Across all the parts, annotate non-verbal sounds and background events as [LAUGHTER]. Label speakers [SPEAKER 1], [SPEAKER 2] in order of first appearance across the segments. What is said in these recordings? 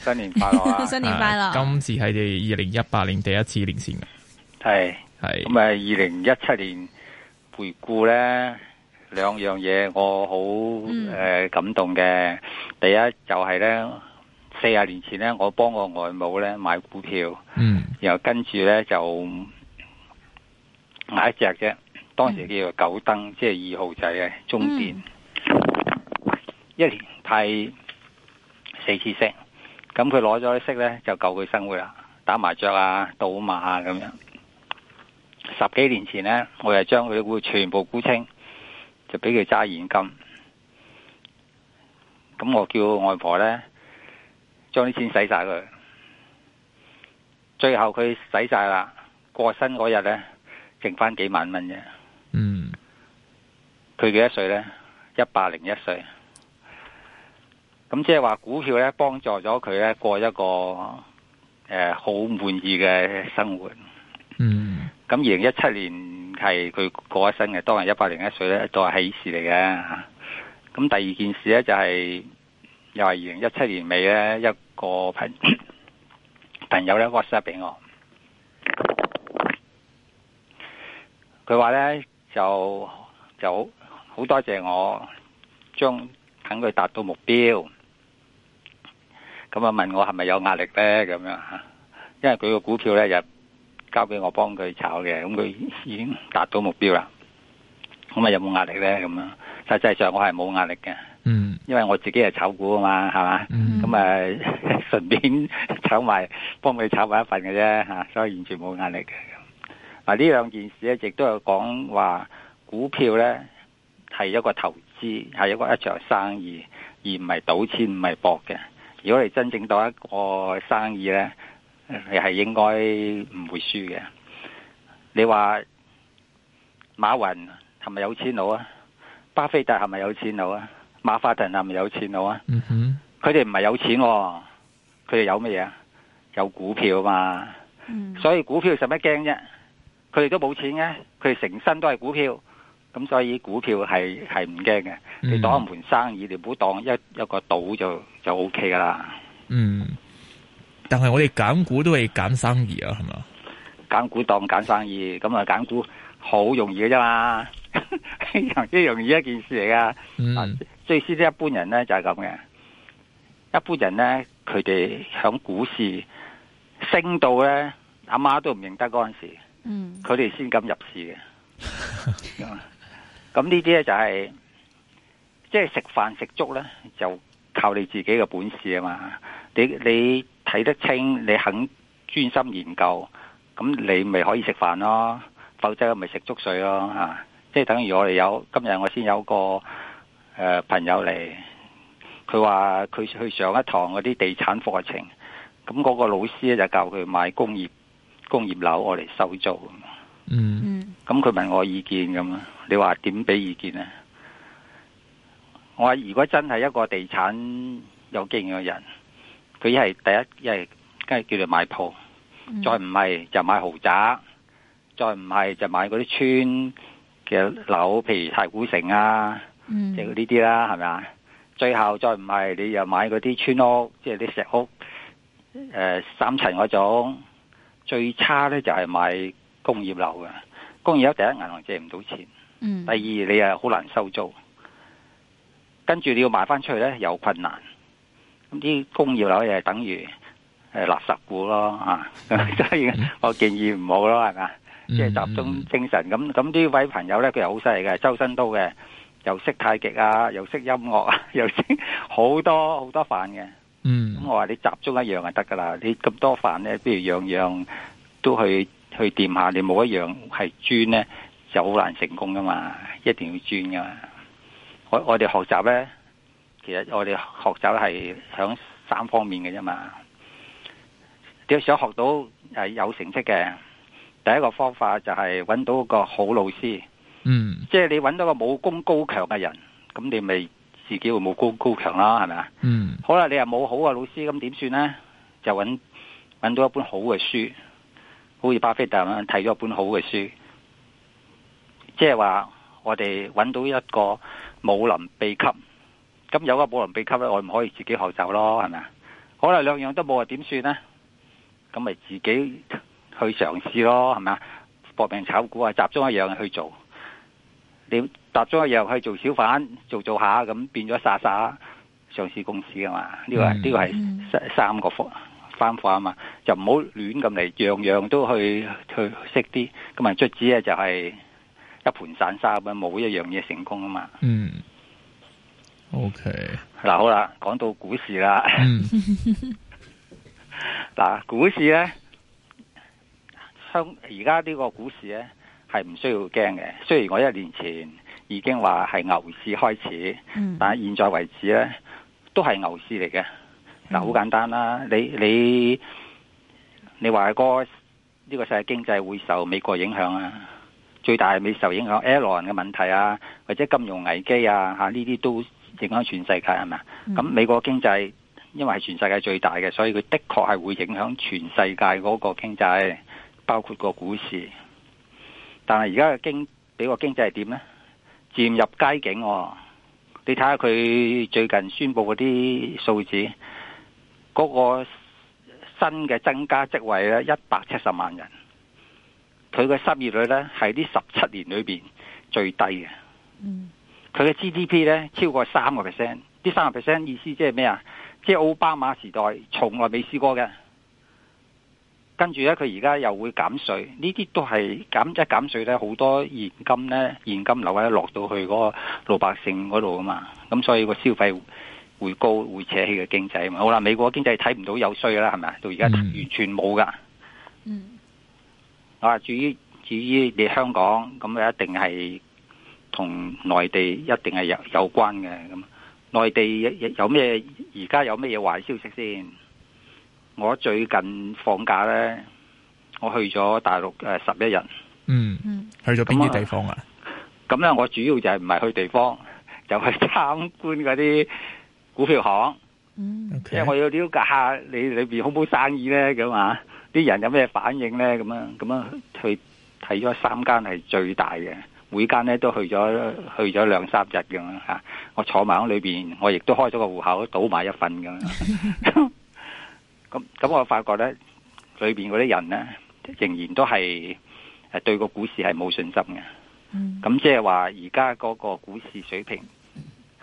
[SPEAKER 1] 新年快樂，啊！ [LAUGHS] 新年快樂，啊！今次係哋二零一八年第一次連線啊，係係咁啊！二零一七年回顧呢兩樣
[SPEAKER 2] 嘢我好誒、嗯呃、感動嘅。第一就係呢：四十年前呢，我幫我外母呢買股票，嗯、然後跟住呢就買一隻啫，當時叫做九燈，即係二號仔嘅中電，嗯、一年派四次息。咁佢攞咗啲息咧，就夠佢生活啦，打麻雀啊、賭馬啊咁樣。十幾年前咧，我就將佢啲股全部沽清，就俾佢揸現金。咁我叫外婆咧，將啲錢使晒佢。最後佢使晒啦，過身嗰日咧，剩翻幾萬蚊啫。嗯。佢幾多歲咧？一百零一歲。咁即係話股票咧，幫助咗佢咧過一個誒好滿意嘅生活。嗯。咁二零一七年係佢過一生嘅，當然一百零一歲咧都係喜事嚟嘅。咁第二件事咧就係、是、又係二零一七年尾咧一個朋朋友咧 WhatsApp 俾我，佢話咧就就好多謝我將等佢達到目標。咁啊，問我係咪有壓力咧？咁樣吓，因為佢個股票咧就交俾我幫佢炒嘅，咁佢已經達到目標啦。咁啊，有冇壓力咧？咁樣實際上我係冇壓力嘅，嗯，因為我自己係炒股啊嘛，係嘛，咁啊順便炒埋，幫佢炒埋一份嘅啫，吓、啊，所以完全冇壓力嘅。嗱、啊，呢兩件事咧，亦都有講話股票咧係一個投資，係一個一場生意，而唔係賭錢，唔係博嘅。如果你真正當，一個生意咧，
[SPEAKER 3] 你係
[SPEAKER 2] 應該唔會輸嘅。你話馬雲係咪有錢佬啊？巴菲特係咪有錢佬啊？馬化騰係咪有錢佬啊？哼、mm，佢哋唔係有錢、哦，佢哋有乜嘢？啊？有股票嘛？Mm hmm. 所以股票使乜驚啫？佢哋都冇錢嘅，佢哋成身都係股票，咁所以股票係係唔驚嘅。
[SPEAKER 1] 你當一
[SPEAKER 2] 門生意，你唔好當一一個賭就，就 OK 噶啦。
[SPEAKER 1] 嗯，但係我哋揀股都係揀生意啊，係嘛？
[SPEAKER 2] 揀股當揀生意，咁啊揀股好容易嘅啫嘛，非常之容易一件事嚟噶。嗯，啊、最先啲一般人咧就係咁嘅，一般人咧佢哋響股市升到咧阿媽都唔認得嗰陣時，
[SPEAKER 3] 嗯，
[SPEAKER 2] 佢哋先敢入市嘅。咁呢啲咧就係、是、即係食飯食粥咧就。靠你自己嘅本事啊嘛！你，你睇得清，你肯專心研究，咁你咪可以食飯咯，否則咪食粥水咯啊！即係等於我哋有今日，我先有個誒朋友嚟。佢話佢去上一堂嗰啲地產課程，咁嗰個老師咧就教佢買工業工業樓，我嚟收租。嗯，咁佢問我意見咁啊，你話點俾意見啊？我話如果真係一個地產有經驗嘅人，佢一係第一，一係跟住叫做買鋪再唔係就買豪宅，再唔係就買嗰啲村嘅樓，譬如太古城啊，即係呢啲啦，係咪啊？最後再唔係你又買嗰啲村屋，即係啲石屋，誒、呃、三層嗰種。最差咧就係買工業樓嘅，工業樓第一銀行借唔到錢，嗯、第二你又好難收租。跟住你要賣翻出去咧又困難，咁啲工業樓嘢，係等於係、呃、垃圾股咯吓、啊，所以我建議唔好咯，係咪啊？即係、就是、集中精神咁，咁呢位朋友咧，佢又好犀利嘅，周身都嘅，又識太極啊，又識音樂啊，又識好多好多飯嘅。嗯，咁我話你集中一樣就得噶啦，你咁多飯咧，不如樣樣都去去掂下，你冇一樣係專咧就好難成功噶嘛，一定要專噶嘛。我我哋學習咧，其實我哋學習係響三方面嘅啫嘛。你要想學到係有成績嘅，第一個方法就係揾到個好老師。嗯。即係你揾到個武功高強嘅人，咁你咪自己會武功高強啦，係咪啊？嗯。好啦，你又冇好嘅老師，咁點算咧？就揾揾到一本好嘅書，好似巴菲特咁樣睇咗一本好嘅書，即係話我哋揾到一個。武林秘笈，咁有個武林秘笈咧，我唔可以自己學習咯，係咪啊？可能兩樣都冇啊，點算呢？咁咪自己去嘗試咯，係咪啊？搏命炒股啊，集中一樣去做，你集中一樣去做小販，做做下咁變咗殺殺上市公司啊嘛？呢個呢個係三個方法啊嘛，就唔好亂咁嚟，樣樣都去去識啲，咁啊卒止要就係、就是。一盤散沙咁，冇一樣嘢成功啊嘛。嗯。
[SPEAKER 1] OK。
[SPEAKER 2] 嗱好啦，講到股市啦。
[SPEAKER 1] 嗯。
[SPEAKER 2] 嗱，股市呢，香而家呢個股市呢，係唔需要驚嘅。雖然我一年前已經話係牛市開始，嗯、但係現在為止呢，都係牛市嚟嘅。嗱，好簡單啦，你你你話、呢個呢、呢個世界經濟會受美國影響啊？最大未受影響，伊朗嘅問題啊，或者金融危機啊，吓，呢啲都影響全世界係咪啊？咁、嗯、美國經濟因為係全世界最大嘅，所以佢的確係會影響全世界嗰個經濟，包括嗰個股市。但係而家嘅經美國經濟係點咧？漸入佳境、哦，你睇下佢最近宣布啲數字，嗰個新嘅增加職位咧一百七十萬人。佢嘅失業率咧係呢十七年裏邊最低嘅，佢嘅 GDP 咧超過三個 percent，呢三個 percent 意思即係咩啊？即係奧巴馬時代從來未試過嘅，跟住咧佢而家又會減稅，這些是減減稅，呢啲都係減即係減稅咧，好多現金咧現金流咧落到去嗰個老百姓嗰度啊嘛，咁所以個消費會高會扯起個經濟啊嘛。好啦，美國經濟睇唔到有衰啦，係咪啊？到而家完全冇噶。嗯嗯啊！至於至於你香港咁，一定係同內地一定係有有關嘅咁。內地有咩而家有咩嘢壞消息先？我最近放假咧，我去咗大陸誒十一日。
[SPEAKER 1] 嗯，去咗邊啲地方啊？
[SPEAKER 2] 咁咧，咁我主要就係唔係去地方，就去、係、參觀嗰啲股票行。嗯，因為、呃、Okay. 我要了解下你裏邊好唔好生意咧，咁啊。啲人有咩反應呢？咁樣，咁樣，去睇咗三間係最大嘅，每間呢都去咗去咗兩三日咁樣。我坐埋喺裏邊，我亦都開咗個戶口，倒埋一份咁。咁咁， [LAUGHS] [LAUGHS] 咁我發覺呢裏邊嗰啲人呢，仍然都係誒對個股市係冇信心嘅。咁即係話，而家嗰個股市水平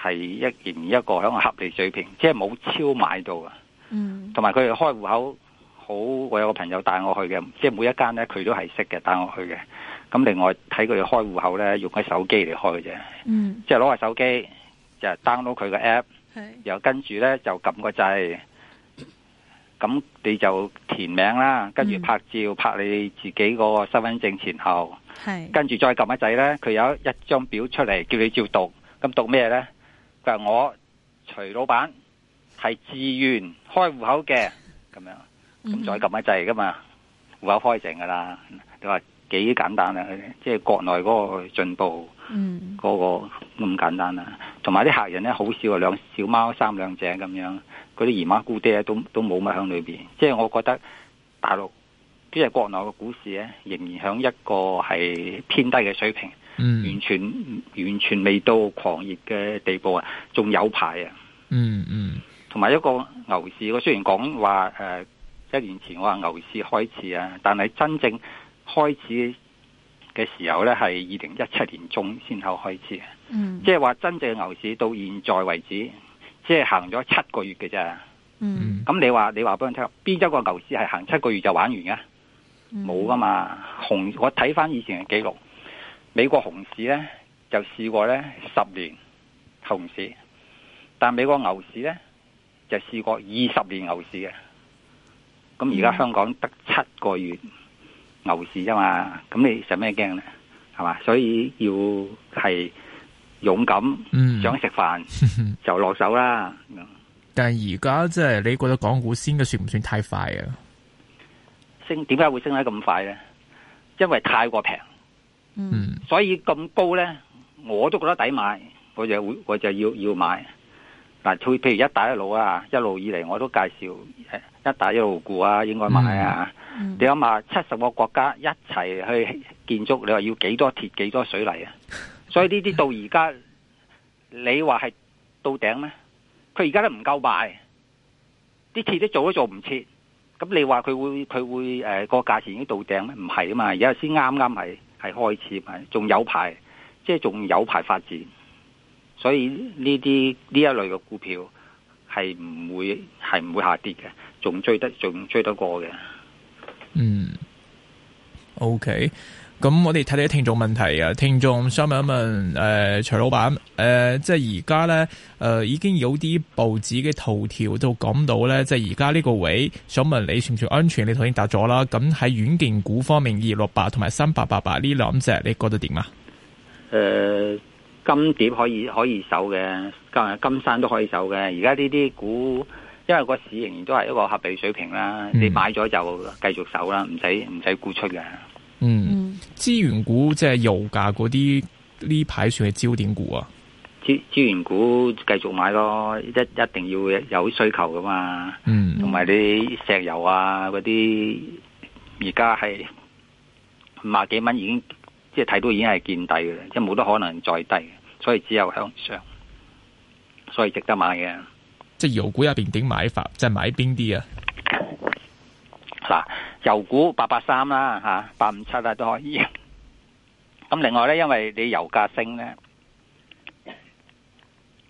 [SPEAKER 2] 係一而一個喺個合理水平，即係冇超買到啊。同埋佢哋開戶口。好，我有個朋友帶我去嘅，即係每一間咧，佢都係識嘅，帶我去嘅。咁另外睇佢哋開戶口咧，用喺手機嚟開嘅啫，嗯、即係攞個手機就 download 佢個 app，是然後跟住咧就撳個掣，咁你就填名啦，跟住拍照，嗯、拍你自己嗰個身份證前後，是跟住再撳個掣咧，佢有一張表出嚟叫你照讀，咁讀咩咧？佢話我徐老闆係自願開戶口嘅，咁樣。咁再撳一掣㗎嘛，戶口開成㗎啦，你話幾簡單啦？即係國內嗰個進步，嗰個咁簡單啦。同埋啲客人咧，好少啊，兩小貓三兩隻咁樣，嗰啲姨媽姑爹都都冇乜喺裏面。即係我覺得大陸即係國內嘅股市咧，仍然響一個係偏低嘅水平，完全完全未到狂熱嘅地步啊！仲有排啊！嗯嗯，同埋一個牛市，我雖然講話、呃一年前我話牛市開始啊，但係真正開始嘅時候呢，係二零一七年中先後開始，即係話真正嘅牛市到現在為止，即係行咗七個月嘅啫。嗯，咁你話你話俾我聽，邊一個牛市係行七個月就玩完嘅？冇噶、嗯、嘛，熊我睇翻，以前嘅記錄，美國熊市呢就試過呢十年熊市，但美國牛市呢就試過二十年牛市嘅。咁而家香港得七個月牛市啫嘛，咁你使咩驚咧？係嘛，所以要係勇敢，嗯、想食飯 [LAUGHS] 就落手啦。
[SPEAKER 1] 但係而家即係你覺得港股先嘅算唔算太快啊？
[SPEAKER 2] 升點解會升得咁快咧？因為太過平，嗯，所以咁高咧，我都覺得抵買，我就會我就要我就要，要買。譬如一帶一路啊，一路以嚟，我都介紹。一帶一路股啊，應該買啊！嗯嗯、你諗下七十個國家一齊去建築，你話要幾多鐵幾多水泥啊？所以呢啲到而家，你話係到頂咩？佢而家都唔夠賣，啲鐵都做都做唔切。咁你話佢會佢會、呃，個價錢已經到頂咩？唔係啊嘛，而家先啱啱係開始，仲有排，即係仲有排發展。所以呢啲呢一類嘅股票係唔會係唔會下跌嘅。仲追得仲追得過
[SPEAKER 1] 嘅，嗯，OK，咁我哋睇睇聽眾問題啊，聽眾想問一問，誒、呃，徐老闆，誒、呃，即係而家呢誒、呃，已經有啲報紙嘅頭條都講到呢，即係而家呢個位，想問你算唔算安全？你頭先答咗啦，咁喺軟件股方面，二六八同埋三八八八呢兩隻，你覺得點啊？誒、
[SPEAKER 2] 呃，金蝶，可以可以守嘅，金金山都可以守嘅，而家呢啲股。因為個市仍然都係一個合理水平啦，嗯，你買咗就繼續守啦，唔使唔使沽出嘅。嗯，
[SPEAKER 1] 資源股即係油價嗰啲呢排算係焦點股啊。
[SPEAKER 2] 資，資源股繼續買咯，一一定要有需求噶嘛。嗯，同埋你石油啊嗰啲，而家係五十幾蚊已經，即係睇到已經係見底嘅，即係冇得可能再低，所以只有向上，所以值得買嘅。
[SPEAKER 1] 即係油股入邊點買法，即係買邊啲啊？嗱、
[SPEAKER 2] 啊，油股八八三啦，吓八五七啦都可以。咁、啊、另外咧，因為你油價升咧，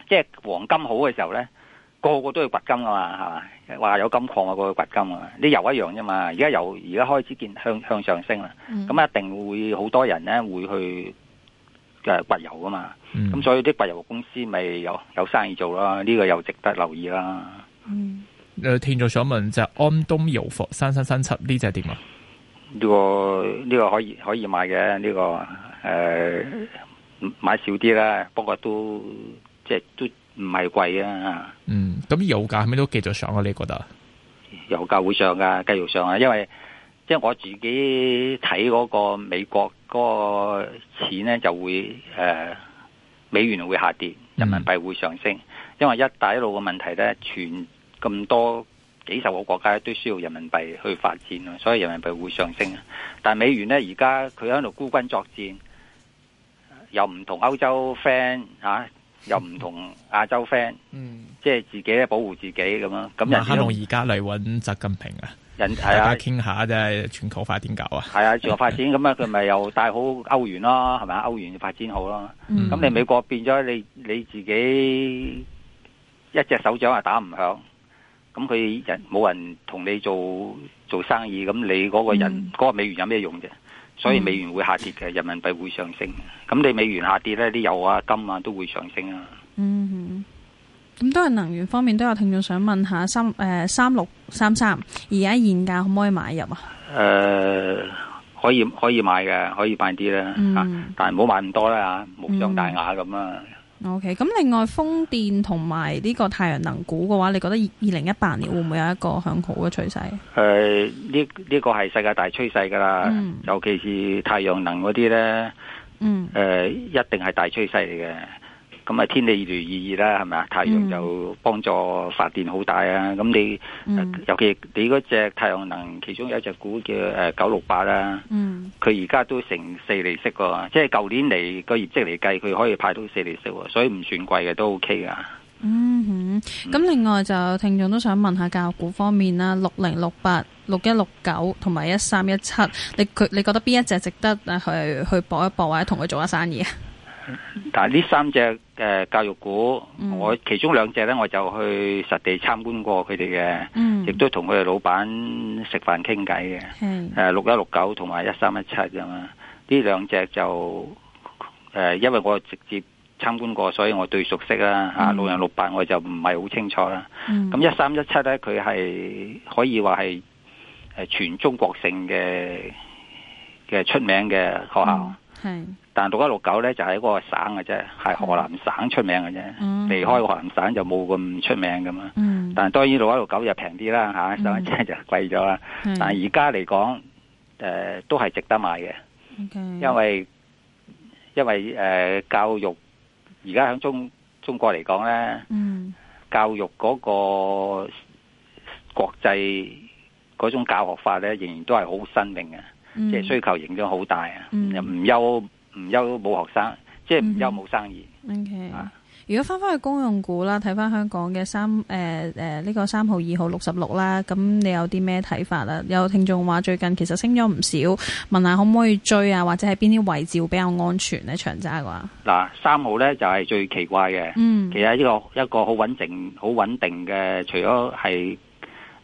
[SPEAKER 2] 即係黃金好嘅時候咧，個個都要掘金啊嘛，係、啊、嘛？話有金礦啊，過去掘金啊嘛。你油一樣啫嘛，而家油而家開始見向向上升啦，咁、嗯、一定會好多人咧會去。就係挖油啊嘛，咁、嗯嗯、所以啲挖油公司咪有有生意做啦，呢、這個又值得留意
[SPEAKER 1] 啦。誒、嗯，聽眾想問就是、安東油服三三三七呢隻點啊？呢
[SPEAKER 2] 個呢、這個這個可以可以買嘅，呢、這個誒、呃、買少啲啦。不過都即係都唔係貴啊。嗯，
[SPEAKER 1] 咁油價係咪都繼續上啊？你覺得？
[SPEAKER 2] 油價會上噶，繼續上啊，因為即係我自己睇嗰個美國。嗰個錢咧就會誒、呃、美元會下跌，人民幣會上升，嗯、因為一帶一路嘅問題咧，全咁多幾十個國家都需要人民幣去發展，所以人民幣會上升。但美元咧而家佢喺度孤軍作戰，又唔同歐洲 friend 嚇、啊，又唔同亞洲 friend，嗯、即係自己咧保護自己咁樣咯。咁人哋同而
[SPEAKER 1] 家嚟揾、啊、習近平啊！人係啊，傾下啫，全球發展點搞啊？係啊，全球發展
[SPEAKER 2] 咁啊，佢咪又帶好歐元咯，係咪啊？歐元發展好咯。咁、嗯、你美國變咗，你你自己一隻手掌啊打唔響，咁佢人冇人同你做做生意，咁你嗰個人嗰、嗯、個美元有咩用啫？所以美元會下跌嘅，人民幣會上升。咁你美元下跌咧，啲油啊、金啊都會上升啊。嗯嗯。
[SPEAKER 4] 咁都係能源方面都有聽眾想問下三誒三六三三而家現價可唔可以買入啊？誒、
[SPEAKER 2] 呃，可以可以買嘅，可以買啲啦、嗯啊、但係唔好買咁多啦吓，無、啊、傷大雅咁啊。
[SPEAKER 4] OK，咁另外風電同埋呢個太陽能股嘅話，你覺得二零一八年會唔會有一個向好嘅趨勢？
[SPEAKER 2] 誒、呃，呢、這、呢個係、這個、世界大趨勢噶啦，嗯、尤其是太陽能嗰啲咧，誒、嗯呃，一定係大趨勢嚟嘅。咁啊，天氣越嚟越熱啦，係咪啊？太陽就幫助發電好大啊！咁、嗯、你尤其你嗰隻太陽能，其中有一隻股叫誒九六八啦，佢而家都成四釐息喎，即係舊年嚟個業績嚟計，佢可以派到四釐息喎，所以唔算貴嘅，都 O K 噶。嗯哼，
[SPEAKER 4] 咁、嗯、另外就聽眾都想問下教育股方面啦，六零六八、六一六九同埋一三一七，你佢，你覺得邊一隻值得去去搏一搏或者同佢做下生意啊？
[SPEAKER 2] 但係呢三隻嘅教育股，嗯、我其中兩隻呢，我就去實地參觀過佢哋嘅，亦都同佢哋老闆食飯傾偈嘅。誒、嗯，六一六九同埋一三一七咁啊，呢兩隻就誒、呃，因為我直接參觀過，所以我最熟悉啦。吓、嗯啊，六零六八我就唔係好清楚啦。咁一三一七呢，佢係可以話係全中國性嘅嘅出名嘅學校。嗯是但六一六九咧就係、是、一個省嘅啫，係河南省出名嘅啫，離是開河南省就冇咁出名咁嘛。嗯、但係當然六一六九就平啲啦，吓、啊，嗯、就即係就貴咗啦。是但係而家嚟講，誒、呃，都係值得買嘅 okay,，因為因為誒教育而家響中中國嚟講咧，教育嗰、嗯、個國際嗰種教學法咧，仍然都係好新穎嘅。即係、嗯、需求影響好大啊！又唔憂唔憂冇學生，嗯、即係唔憂冇生意。
[SPEAKER 4] OK，、啊、如果翻翻去公用股啦，睇翻香港嘅三誒誒呢個三號、二號、六十六啦，咁你有啲咩睇法啊？有聽眾話最近其實升咗唔少，問下可唔可以追啊？或者係邊啲位置會比較安全咧？長揸嘅話，
[SPEAKER 2] 嗱三號呢就係、是、最奇怪嘅。嗯，其實呢、這個一個好穩定好穩定嘅，除咗係。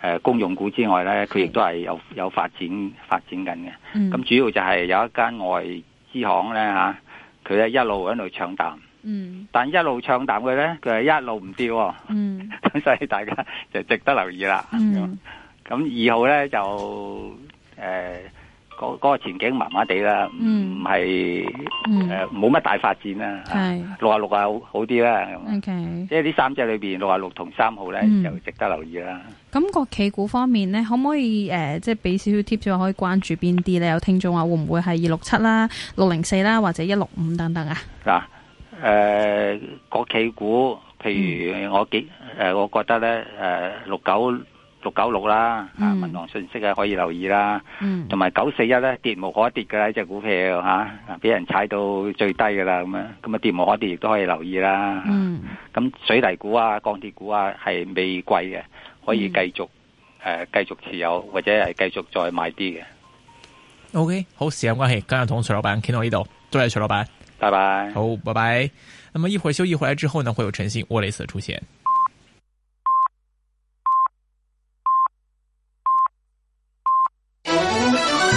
[SPEAKER 2] 誒、呃、公用股之外咧，佢亦都係有是有發展發展緊嘅。咁、嗯、主要就係有一間外資行咧，佢咧一路喺度唱淡。嗯、但一路唱淡嘅咧，佢係一路唔跌、哦。咁、嗯、 [LAUGHS] 所以大家就值得留意啦。咁二、嗯、號咧就誒。呃嗰個前景麻麻地啦，唔係誒冇乜大發展啦，六啊六啊好啲啦。OK，即係呢三隻裏邊，六啊六同三號咧就值得留意啦。
[SPEAKER 4] 咁國、嗯那個、企股方面咧，可唔可以誒、呃，即係俾少少 tips 話可以關注邊啲咧？有聽眾話會唔會係二六七啦、六零四啦或者一六五等等啊？
[SPEAKER 2] 嗱、呃，誒、呃、國企股，譬如我幾誒、呃，我覺得咧誒六九。呃69，六九六啦，
[SPEAKER 3] 嗯、啊，銀行
[SPEAKER 2] 信息啊，可以留意啦。同埋九四一咧，跌無可跌嘅啦，呢隻股票吓，俾、啊啊、人踩到最低噶啦咁樣，咁啊，啊跌無可跌，亦都可以留意啦。咁、嗯啊、水泥股啊、鋼鐵股啊係未貴嘅，可以繼續誒繼、嗯呃、續持有或者係繼續再買啲嘅。
[SPEAKER 1] O、okay，K，好，時間關係，今日同徐老闆傾到呢度，多謝徐老闆，拜拜 bye。好，拜拜。咁麼一會休息回來之後呢，會有陳信沃雷斯出現。